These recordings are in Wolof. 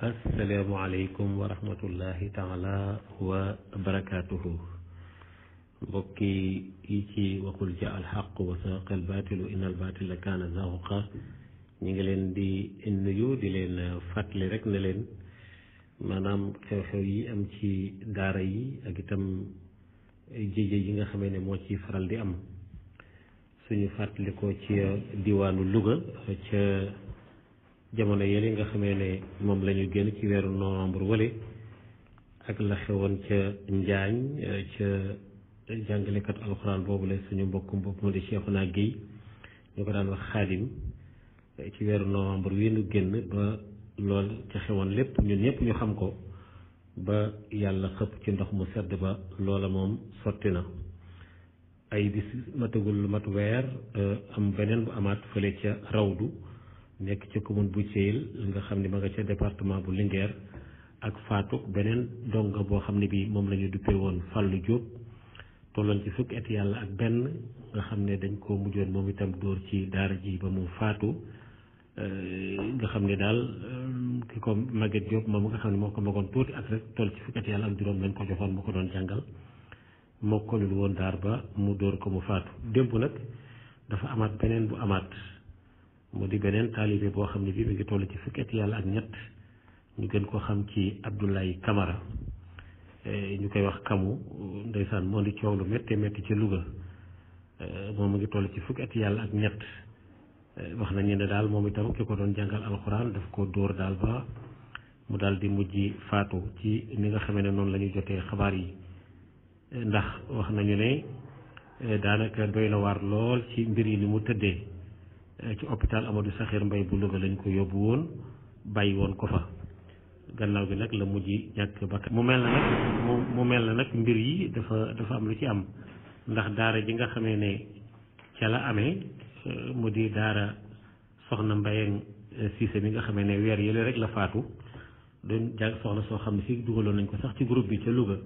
asalaamualeykum wa rahmatullahi taala wa barakaatuhu mbokki yi ci waxul ja alxaq wa saqa albaatilu in albaatila kaana zahuqa ñi ngi leen di nuyu di leen fàttali rek ne leen maanaam xew-xew yi am ci daara yi ak itam jéje yi nga xamee ne moo ci faral di am suñu fàttalikoo ci diwaanu Louga ca jamono yële nga xamee ne moom la génn ci weeru novembre wële ak la xewoon ca Njaañ ca jàngalekat alxuraan boobu la suñu mbokk mbokk mu di Cheikhouna Guèye ñu ko daan wax xaadim ci weeru novembre wi nu génn ba lool ca xewoon lépp ñun ñëpp ñu xam ko ba yàlla xëpp ci ndox mu sedd ba loola moom sotti na ay bis matagul mat weer am beneen bu amaat fële ca rawdu nekk ca commune bu Thièl nga xam ne ma nga ca département bu Linguère ak Fatou beneen donga boo xam ne bii moom lañu ñu duppee woon Fallou Diop tolloon ci fukki yàlla ak benn nga xam ne dañ koo mujjoon moom itam dóor ci daara ji ba mu faatu euh, nga xam ne daal euh, ki ko Maguette Diop moom nga xam ne moo ko magoon tuuti ak rek toll ci fukki yàlla ak juróom lañ ko joxoon moo ko doon jàngal moo ko woon daar ba mu dóor ko mu faatu démb nag dafa amaat beneen bu amaat mu di beneen taalibe boo xam ne bii mi ngi toll ci fukki at yàlla ak ñett ñu gën ko xam ci Abdoulaye Camara eh, ñu koy wax kamu ndeysaan moo di coow lu méttee métti ci Louga eh, moom mu ngi toll ci fukki yàlla ak ñett eh, wax nañu ne daal moom itam ki ko doon jàngal alxuraan daf ko dóor daal ba mu daal di mujj faatu ci ni nga xamee ne noonu la ñu jotee xabaar yi ndax wax nañu ne daanaka doy na waar lool ci mbir yi ni mu tëddee. ci hôpital Amadou Sakhir mbay bu Louga lañu ko yóbbu woon bàyyi woon ko fa gannaaw bi nag la mujj ñàkk bakkan mu mel na nag mu mel na nag mbir yi dafa dafa am lu ci am ndax daara ji nga xamee ne ca la amee euh, mu di daara soxna Mbayang euh, Cissé mi nga xamee ne weer yële rek la faatu doon jàng soxna soo xam ne si dugaloon nañ ko sax ci groupe bi ca Louga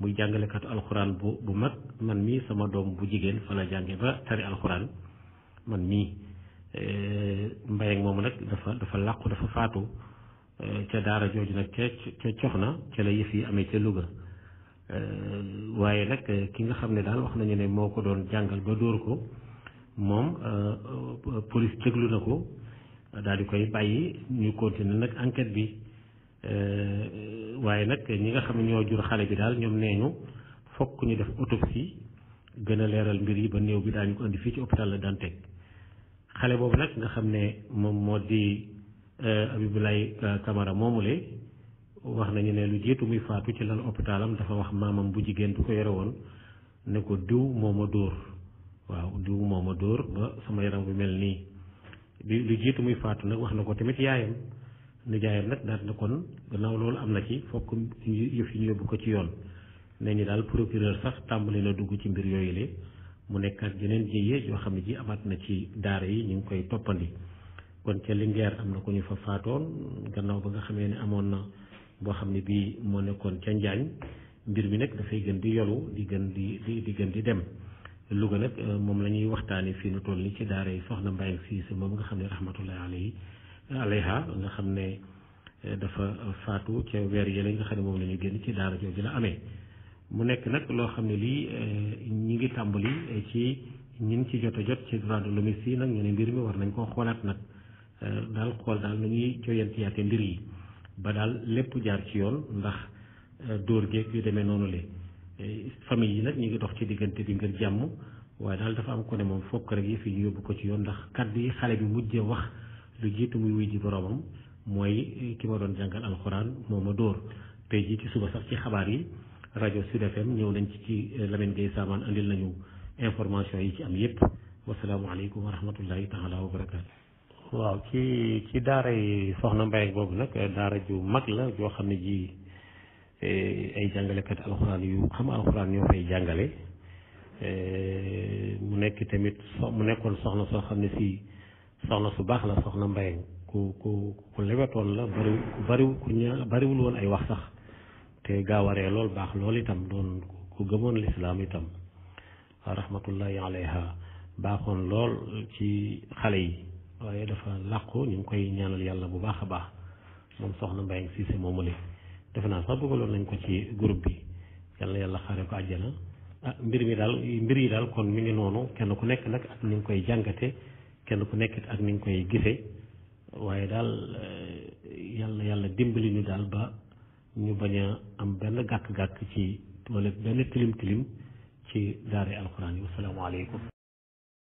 muy jàngalekatu alxuraan bu bu mag man mii sama doom bu jigéen fa la jànge ba tari alxuraan man mii Eh, Mbayang moom nag dafa dafa làqu dafa faatu eh, ca daara jooju nag ca cox na ca la yëf yi amee ca Louga eh, waaye nag ki nga xam ne daal wax nañu ne moo ko doon jàngal ba dóor ko moom police déglu na ko daal di koy bàyyi ñu continuer nag enquête bi waaye nag ñi nga xam ne ñoo jur xale bi daal ñoom nee ñu fokk ñu def autopsie gën a leeral mbir yi ba néew bi daal daañu ko indi fii ci hôpital La Dantec xale boobu nag nga xam ne moom moo di kamara euh, euh, Camara moomule wax nañu ne lu jiitu muy faatu ci lal hôpitalam dafa wax maamam bu jigéen du ko yore woon ne ko diw moo ma dóor waaw diw moo ma dóor ba sama yaram bu mel nii lu jiitu muy faatu nag wax na ko tamit yaayam nijaayam nag daal na kon gannaaw loolu am na ci fokk yëf yi ñu yóbbu ko ci yoon ne ñu daal procureur sax tàmbali na dugg ci mbir yooyu le mu nekkaat geneen jéyee yoo xam ne ji amaat na ci daara yi ñu ngi koy toppandi kon ca Linguère am na ko ñu fa faatoon gannaaw ba nga xamee ne amoon na boo xam ne bii moo nekkoon ca Njaañ mbir nag dafay gën di yolu di gën di di di di dem Louga nag euh, moom la ñuy waxtaanee fii nu toll ni ci daara yi soxna Mbaye Cissé moom nga xam ne rahmatullahi alayhi alayha nga xam ne euh, dafa faatu ca weer yële nga xam ne moom la ñu génn ci daara jooju la amee. mu nekk nag loo xam ne lii eh, ñi ngi tàmbali eh, ci ñin ci jot a jot ci droit de l'homme nag ñu ne mbir mi war nañ koo xoolaat nag eh, daal xool daal nu ñuy joyantiyaate mbir yi ba daal lépp jaar ci yoon ndax dóor geeg yu demee noonu le famille yi nag ñu ngi dox ci diggante bi ngir jàmm waaye daal dafa am ko ne moom fokk rek yëf yi ñu yóbbu ko ci yoon ndax kàddu yi xale bi mujjee wax lu jiitu muy wuy ji boroomam mooy ki ma doon jàngal alxuraan moom ma dóor tey jii ci suba sax ci xabaar yi rajo Sud FM ñëw nañ ci ci euh, Lamine Gueye Samane andil nañu information yi ci am yépp wasalaamualeykum wa rahmatullahi taala wa barakaatu. waaw ci ci daara yi soxna Mbaye boobu nag daara ju mag la joo xam ne ji eh, ay jàngalekat alxuraan yu xam alxuraan ñoo fay jàngale eh, mu nekk tamit so mu nekkoon soxna soo xam ne si soxna su baax la soxna Mbaye ku ku ku lewetoon la bariw bariwul woon ay wax sax. te gaawaree lool baax lool itam doon ku gëmoon lislaam itam rahmatullahi alayha baaxoon lool ci xale yi waaye dafa làqu ñu ngi koy ñaanal yàlla bu baax a baax moom soxna Mbayang Cissé moomule def naa sax bëggaloon nañ ko ci groupe bi yàlla xaare ko àjjana ah mbir mi daal mbir yi daal kon mu ngi noonu kenn ku nekk nag ak ni nga koy jàngate kenn ku nekk ak ni ngi koy gisee waaye daal eh, yàlla yàlla dimbali ñu daal ba ñu bañ a am benn gàkk-gàkk ci wala benn tilim tilim ci daare alxuraan yi wasalaamaaleykum